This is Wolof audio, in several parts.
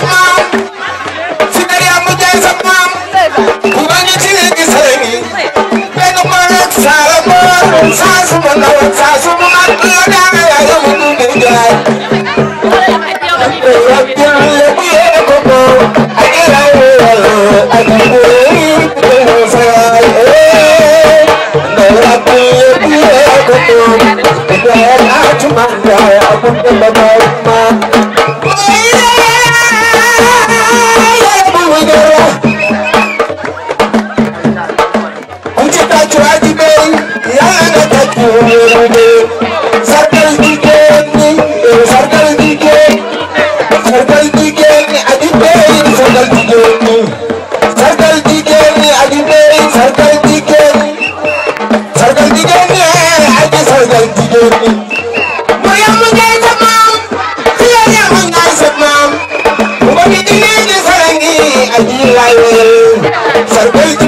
Yeah. sarbay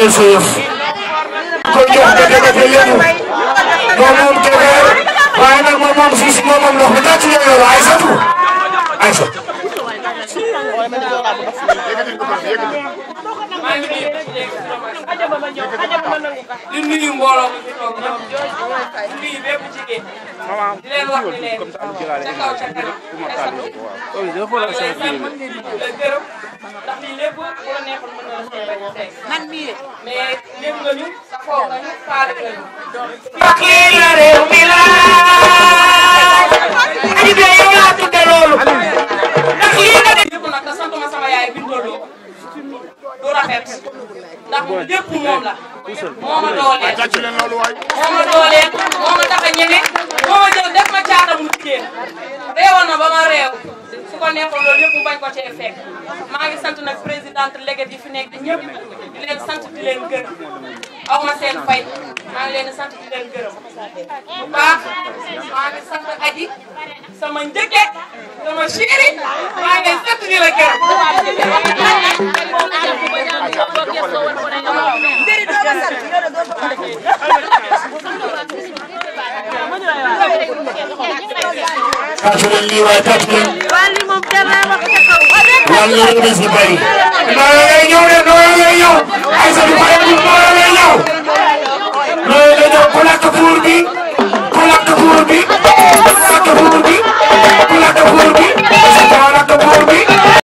jëlee sa yëf kon jox ko Dagate lépp moom moom Dagate waaye moom moom suuf si moom moom ndox mi tàcc na yow ay sant ay sant. maa ngi di nuyu mbooloo mi fi toog ñëpp di nuyu bépp jigéen di leen wax ne leen ca kaw ca kanam te sax am na lay gërëm ndax lii lépp bu la neexoon mën na la see bañ a teg man mii mais lépp nga ñu safoo nga ñu faale nga ñu. lii la réew mi la. Aliou Gueye yow laa tudde loolu. ndax lii nga def lépp nag te sama yaay bindoo loo du rafet ndax lépp moom la moo ma dooleel moo ma tax a ñeme moo ma jël def ma caatamu jigéen réewoon na ba ma réew su ko neexoon loolu yëpp mu ko cee fekk maa ngi sant nag présidente légat yi fi nekk ñëpp di sant di leen aw ma seen fay maa ngi leen di sant di leen gërëm bu baax maa ngi sant aji sama njëkke sama chéri maa ngi leen sant di la gërëm. kàddu leen lii waaye kàddu leen. waaw lii moom kenn lay wax ca kaw. maa ngi leen di des ñu bëri. maa ngi lay ñëw de maa ngi lay ñëw. ay sa du pare du maa ngi lay ñëw. loolu lay doon ku lakk buur bi ku lakk buur bi